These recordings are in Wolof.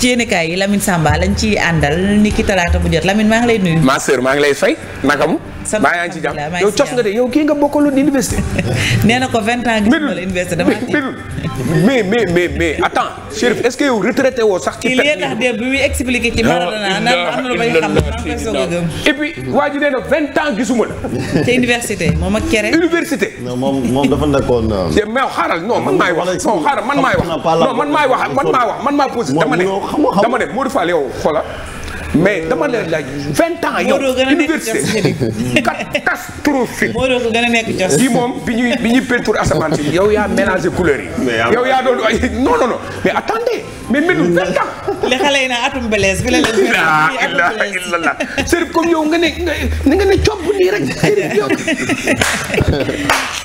ci yéen kaay yi Lamine Samba lañ ci àndal ni ki talaata bu jot Lamine maa ngi lay nuyu. ma maa ngi lay soy naka mu sant maa yaa jàmm yow cof nga de yow kii nga bokkaloon université. nee na ko vingt ans. université dama mais mais mais mais attends Chérif est-ce que woo sax. ci fête tax de bi muy waa ji nee na vingt ans gisuma la. te université moom ak kere. université. moom moom dafa nekkoon. Euh, mais xaaral non man maay wax non xaaral man maay wax non man maay wax man maa wax man maa posé dama ne dama ne yow xoolal. mais dama leen laaj vingt ans yow. université catastrophique. Modou ko gën a nekk jos. bi moom bi ñuy bi ñuy peinture asamaan si yow yaa mélangé couleur yi. yow yaa doon ay non non non mais attendez mais melu vingt ans. li xale yi naan atum belees bi la leen. laa ilaaha illallah Serif comme yow nga ne nga ne copp nii rek Serif yow.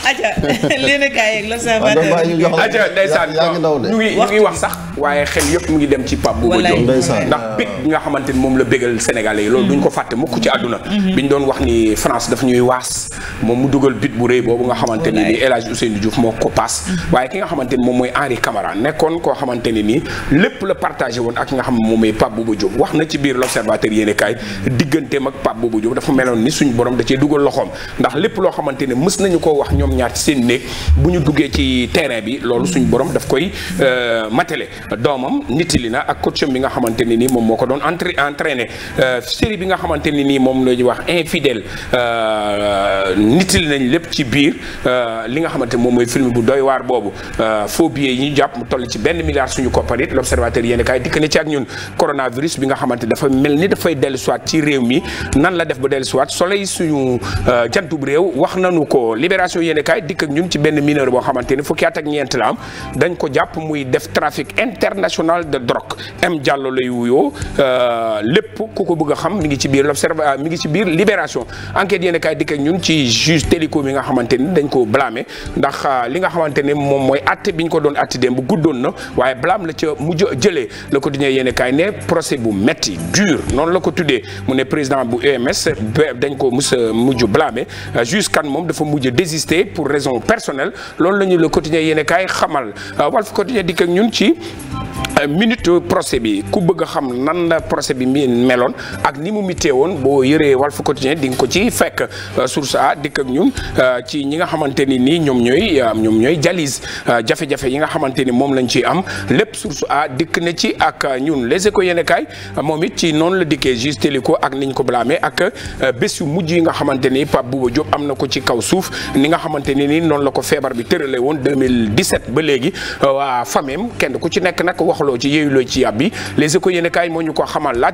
aja léegi nag kaay yeeg l'observateur. aja ndeysaan ñu ngi ñu ngi wax sax. waaye xel yëpp mu ngi dem ci Pape Bouba Diop. ndax picc nga xamante ni moom la bégal sénégalais yi loolu duñ ko fàtte mukk ci àdduna mhm. biñ doon wax ni France daf ñuy waas moom mu dugal but bu rëy boobu nga xamante da cee loo xamante ne mës nañu ko wax ñoom ñaar ci seen néeg bu ñu duggee ci terrain bi loolu suñ borom daf koy euh, matale doomam nittali na ak coacham bi nga nii moom moo ko doon entré entré parrainé euh, série bi nga xamante ni nii moom la ñuy wax infidèle euh, nitil nañ lépp ci biir euh, li nga xamante moom mooy film bu doy waar boobu faux billets yi ñu jàpp mu toll ci benn milliard suñu koppar it l' observateur dikk na ci ak ñun coronavirus bi nga xamante dafa mel ni dafay dellu siwaat ci réew mi nan la def ba dellu siwaat soleil suñu jantub réew wax nañu ko libération yéen dikk ak ñun ci benn mineur boo xamante ni fukki at ak ñeent la am dañ ko jàpp muy def trafic international de drogue lépp ku ko bëgg xam mu ngi ci biir l'observateur ah, mi ngi ci biir libération enquête yéen a kaay dikk ak ñun ci juge Télico nga xamante ni dañ koo blâmer ndax ah, li nga xamante ne moom mooy atte bi ñu ko doon atte dem bu guddoon na waaye blâme la ca mujj jëlee la quotidien yéen a kaay ne procès bu métti dur noonu la ko tuddee mu ne président bu UMS e dañ ko mus mujj blâmer ah, juge kan moom dafa mujj désister pour raison personnelle loolu la ñu le quotidien yéen a kaay xamal Walf quotidien dikk ak ñun ci Euh, minute procès bi ku bëgg a xam nan la procès bi mi meloon ak ni mu mitee woon boo yëree Walf Quotidien di nga ko ci fekk euh, source a dikk ak ñun euh, ci ñi nga xamante ni nii ñoom ñooy ñoom ñooy jalise jafe-jafe yi nga xamante ni moom lañ ciy am lépp source a dikk na ci ak ñun ko Échos yéenekaay moom it ci noonu la dikkee juge Téliko ak niñ ko blâmé ak bés yu mujj yi nga xamante ni Pape Bouba Diop am na ko ci kaw suuf ni nga xamante ni nii noonu la ko feebar bi tërale woon 2017 ba léegi waa fameem kenn ku nekk nag wax tolloo ci yeeyu loo a kaay moo ñu ko xamal la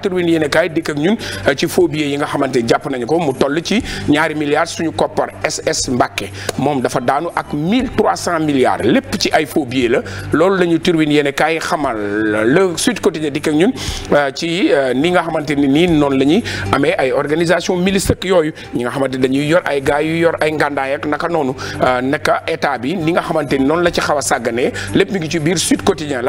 eh, ko mu toll ci ñaari milliards suñu koppar SS Mbàkke moom dafa daanu ak mille trois cent milliards lépp ci ay faux la loolu la ñu turbine yéen a kaay xamal le Sud Quotidien dikk ak ñun eh, ci eh, ni nga xamante ni nii noonu la ñuy amee ay organisation milice yooyu ñi nga xamante dañuy yor ay gars yu yor ay ngàndaay ak naka noonu naka état bi ni nga xamante ni noonu la ci xaw a sàgganee lépp mi ngi ci biir Sud Quotidien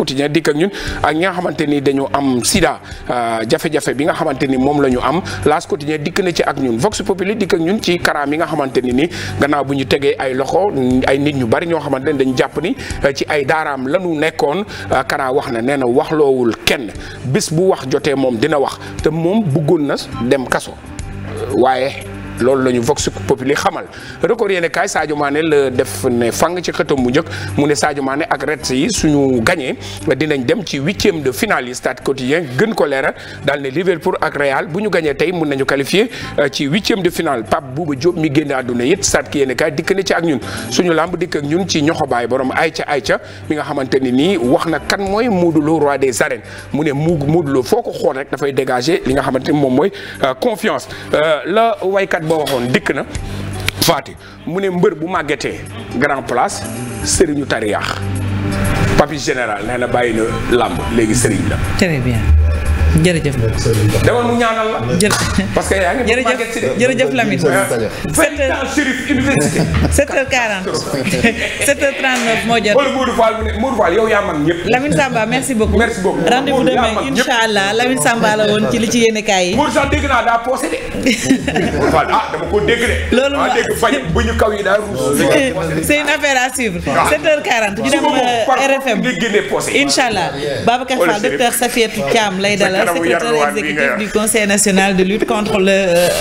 quotidien dikk ak ñun ak ñi nga xamante ni dañu am sida euh, jafe-jafe bi nga xamante ni moom la ñu am laas quotidien dikk na ci ak ñun vox populi dikk ak ñun ci karaam yi nga xamante ni ni gannaaw bu ñu tegee ay loxo ay nit ñu bari ñoo xamante ni dañu jàpp ni euh, ci ay daaraam lañu nekkoon euh, karaa wax na nee na waxloowul kenn bis bu wax jotee moom dina wax te moom bëggoon na dem kaso waaye loolu la ñu vox populi xamal record yéene kaay Sadio Mané la def ne fang ci xëtam bu njëkk mu ne Sadio Mané ak Reds yi suñu gagné dinañ dem ci huitième de finale yi stade quotidien gën ko leeral daal ne Liverpool ak Real bu ñu gañee tey mun nañu qualifié euh, ci huitième de finale Pape Bouba Diop mi génn àdduna it stade ki yéene kaay dikk na ci ak ñun suñu lamb dikk ak ñun ci ñoxo baay borom ayca ayca mi nga xamante ni nii wax na kan mooy Modou Lo roi de arènes mu ne Modou Lo foo ko xool rek dafay dégager li xamante ni moom mooy euh, confiance euh, ba waxoon dikk na faati mu ne mbër bu màggetee grand place sëriñu tariyaax papi général nee na bàyyi na làmb léegi sëriñ la très bien jërëjëf. demoon mu ñaanal la. jërëjëf parce que yaa ngi. jërëjëf jërëjëf Lamine. 7h40 7 moo jot. wala Modou merci beaucoup. merci beaucoup rendez-vous demain allah Lamine Samba la woon ci li ci yéene kaay yi. Modou Fall dégg naa daa posé de. Modou ah, loolu ma dégg bu ñu kaw yi daal. c'est une affaire à suivre. 7 ah. euh, RFM. incha allah Babacar Fall docteur Safiatou Thiam lay dalal. secrétaire exécutif du conseil national de lutte contre le euh,